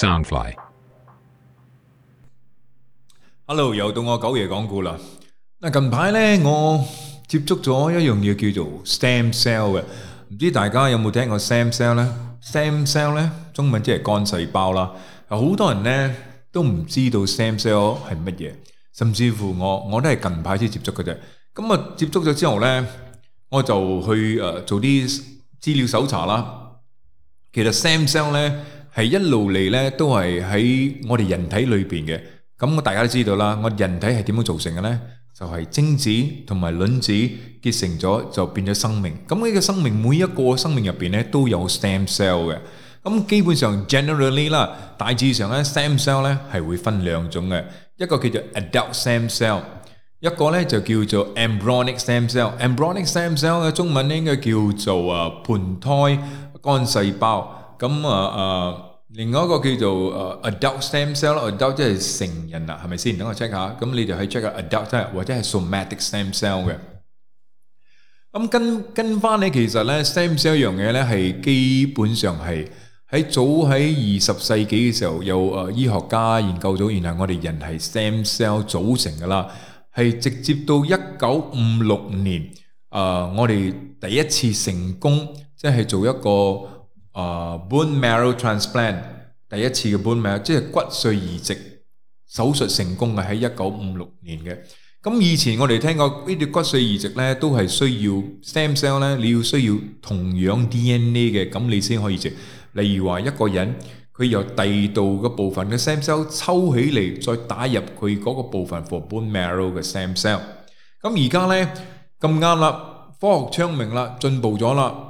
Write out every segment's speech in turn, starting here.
Soundfly，Hello，又到我九爺講故啦。嗱，近排呢我接觸咗一樣嘢叫做 stem cell 嘅，唔知大家有冇聽過 stem cell 呢？stem cell 呢，中文即係幹細胞啦。好多人呢都唔知道 stem cell 係乜嘢，甚至乎我我都係近排先接觸嘅啫。咁啊，接觸咗之後呢，我就去誒做啲資料搜查啦。其實 stem cell 呢，係一路嚟咧，都係喺我哋人體裏邊嘅。咁我大家都知道啦，我哋人體係點樣造成嘅咧？就係精子同埋卵子結成咗，就變咗生命。咁呢個生命每一個生命入邊咧都有 stem cell 嘅。咁基本上 generally 啦，大致上咧 stem cell 咧係會分兩種嘅，一個叫做 adult stem cell，一個咧就叫做 embryonic stem cell。embryonic stem cell 嘅中文應該叫做啊胚胎幹細胞。咁啊啊～另外一個叫做誒 adult stem cell，adult 即係成人啦，係咪先？等我 check 下，咁你就可以 check 個 adult 即係或者係 somatic stem cell 嘅。咁跟跟翻咧，其實咧 stem cell 一樣嘢咧係基本上係喺早喺二十世紀嘅時候有誒醫學家研究咗，原來我哋人係 stem cell 組成噶啦，係直接到一九五六年誒，我哋第一次成功即係做一個。啊，bone marrow transplant 第一次嘅 bone marrow，即係骨髓移植手術成功嘅喺一九五六年嘅。咁以前我哋聽過呢啲骨髓移植咧，都係需要 stem cell 咧，你要需要同樣 DNA 嘅，咁你先可以植。例如話一個人，佢由第二度嘅部分嘅 stem cell 抽起嚟，再打入佢嗰個部分 for bone marrow 嘅 stem cell。咁而家咧咁啱啦，科學昌明啦，進步咗啦。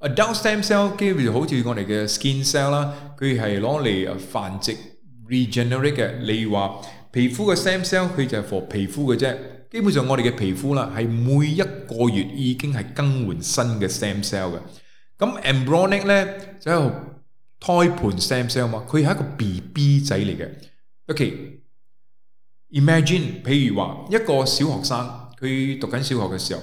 adult stem cell 基本就好似我哋嘅 skin cell 啦，佢係攞嚟繁殖 regenerate 嘅。例如話皮膚嘅 stem cell，佢就係 for 皮膚嘅啫。基本上我哋嘅皮膚啦，係每一個月已經係更換新嘅 stem cell 嘅。咁 embryonic 咧就係胎盤 stem cell 嘛，佢係一個 BB 仔嚟嘅。OK，imagine、okay. 譬如話一個小學生，佢讀緊小學嘅時候。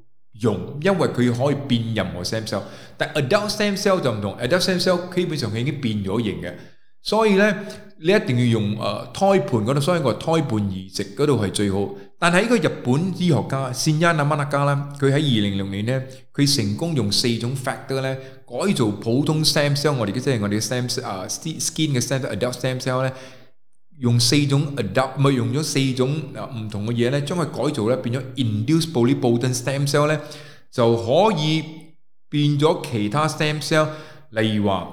用，因為佢可以變任何 stem cell，但 adult stem cell 就唔同，adult stem cell 基本上佢已經變咗形嘅，所以咧你一定要用誒胎盤嗰度，所以我話胎盤移植嗰度係最好。但係呢個日本醫學家 Shinya Yamanaka 啦，佢喺二零零六年咧，佢成功用四種 factor 咧改造普通 stem cell，我哋嘅即係我哋嘅 stem 誒 skin 嘅 stem adult stem cell 咧。用四種 adapt 咪用咗四種唔同嘅嘢咧，將佢改造咧變咗 induced pluripotent stem cell 咧，就可以變咗其他 stem cell，例如話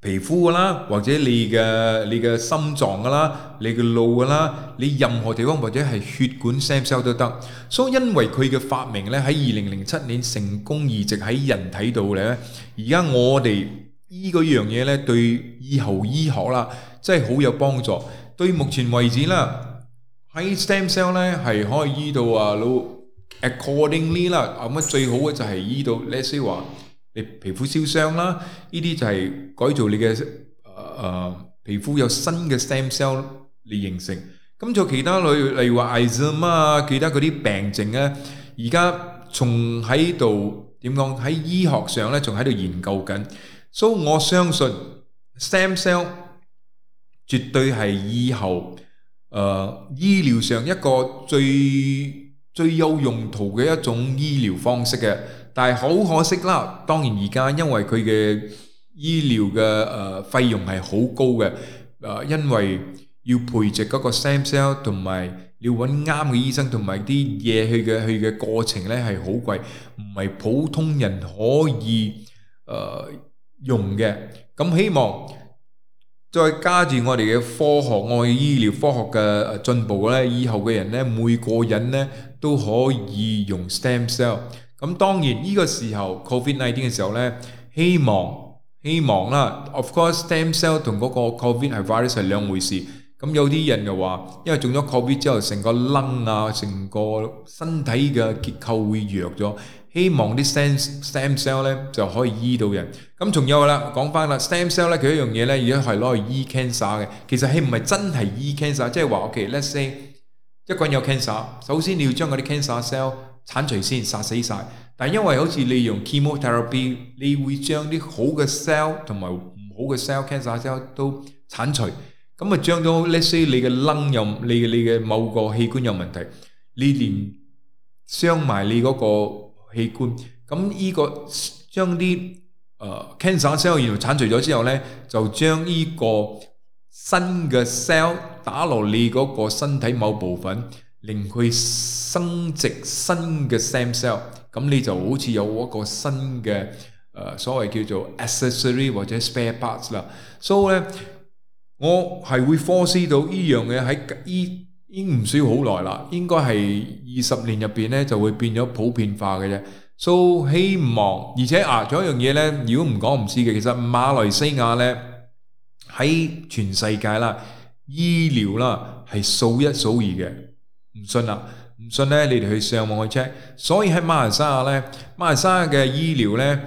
皮膚㗎啦，或者你嘅你嘅心臟㗎啦，你嘅腦㗎啦，你任何地方或者係血管 stem cell 都得。所以因為佢嘅發明咧喺二零零七年成功移植喺人體度咧，而家我哋。依嗰樣嘢咧，對以後醫學啦，真係好有幫助。對目前為止啦，喺 stem cell 咧係可以醫到啊，老 accordingly 啦，咁啊最好嘅就係醫到 let say 話，你皮膚燒傷啦，依啲就係改造你嘅誒皮膚有新嘅 stem cell 嚟形成。咁仲有其他類例如話癌症啊，其他嗰啲病症咧，而家仲喺度點講喺醫學上咧，仲喺度研究緊。所以我相信 stem cell 絕對係以後誒醫療上一個最最有用途嘅一種醫療方式嘅，但係好可惜啦。當然而家因為佢嘅醫療嘅誒費用係好高嘅，誒因為要培植嗰個 stem cell 同埋要搵啱嘅醫生同埋啲嘢去嘅去嘅過程咧係好貴，唔係普通人可以誒。用嘅，咁希望再加住我哋嘅科學，我哋醫療科學嘅進步咧，以後嘅人咧，每個人咧都可以用 stem cell。咁當然呢個時候，covid nineteen 嘅時候咧，希望希望啦，of course stem cell 同嗰個 covid virus 係兩回事。咁有啲人又話，因為中咗 covid 之後，成個 lung 啊，成個身體嘅結構會弱咗。希望啲 stem stem cell 咧就可以醫到人。咁仲有啦，講翻啦，stem cell 咧佢一樣嘢咧，如果係攞去醫 cancer 嘅。其實係唔係真係醫 cancer？即係話 okaylet's say 一個人有 cancer，首先你要將嗰啲 cancer cell 剷除先，殺死曬。但係因為好似你用 chemotherapy，你會將啲好嘅 cell 同埋唔好嘅 cell，cancer cell 都剷除。咁啊將到 let's say 你嘅 lung 有你，你嘅某個器官有問題，你連傷埋你嗰個。器官。咁依個將啲誒，cancer cell 然後剷除咗之後咧，就將依個新嘅 cell 打落你嗰個身體某部分，令佢生殖新嘅 same cell，咁你就好似有一個新嘅誒，所謂叫做 accessory 或者 spare parts 啦。所以咧，我係會 force 到依樣嘢喺依。已經唔需要好耐啦，應該係二十年入邊咧就會變咗普遍化嘅啫。都、so, 希望，而且啊，仲有一樣嘢咧，如果唔講唔知嘅，其實馬來西亞咧喺全世界啦，醫療啦係數一數二嘅。唔信啦？唔信咧，你哋去上網去 check。所以喺馬來西亞咧，馬來西亞嘅醫療咧。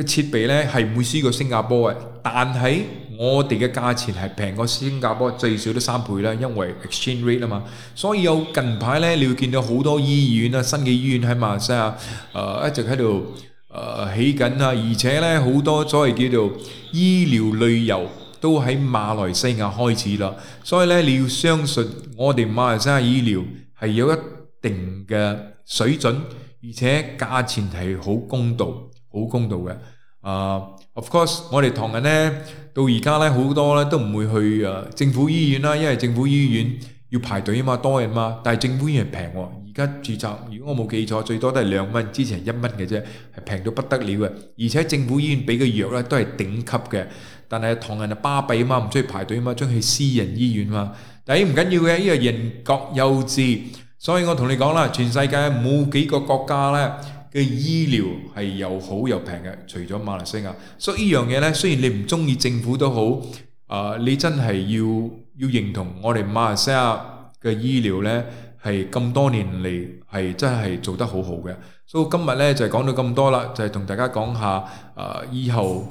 嘅設備咧係唔會輸過新加坡嘅，但係我哋嘅價錢係平過新加坡最少都三倍啦，因為 exchange rate 啊嘛。所以有近排咧，你會見到好多醫院啊，新嘅醫院喺馬來西亞，誒一直喺度誒起緊啊，而且咧好多，所謂叫做醫療旅遊都喺馬來西亞開始啦。所以咧，你要相信我哋馬來西亞醫療係有一定嘅水準，而且價錢係好公道。好公道嘅，啊、uh,，of course，我哋唐人咧，到而家咧好多咧都唔會去誒、呃、政府醫院啦，因為政府醫院要排隊啊嘛，多人嘛，但係政府醫院平、啊，而家註冊，如果我冇記錯，最多都係兩蚊，之前一蚊嘅啫，係平到不得了嘅，而且政府醫院俾嘅藥咧都係頂級嘅，但係唐人係巴閉啊嘛，唔需要排隊啊嘛，中意去私人醫院嘛，但係唔緊要嘅，依個人各有志，所以我同你講啦，全世界冇幾個國家咧。嘅醫療係又好又平嘅，除咗馬來西亞，所以呢樣嘢呢，雖然你唔中意政府都好，啊、呃，你真係要要認同我哋馬來西亞嘅醫療呢，係咁多年嚟係真係做得好好嘅。所、so，以今日呢，就係、是、講到咁多啦，就係、是、同大家講下啊、呃、以後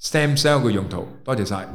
stem cell 嘅用途。多謝晒。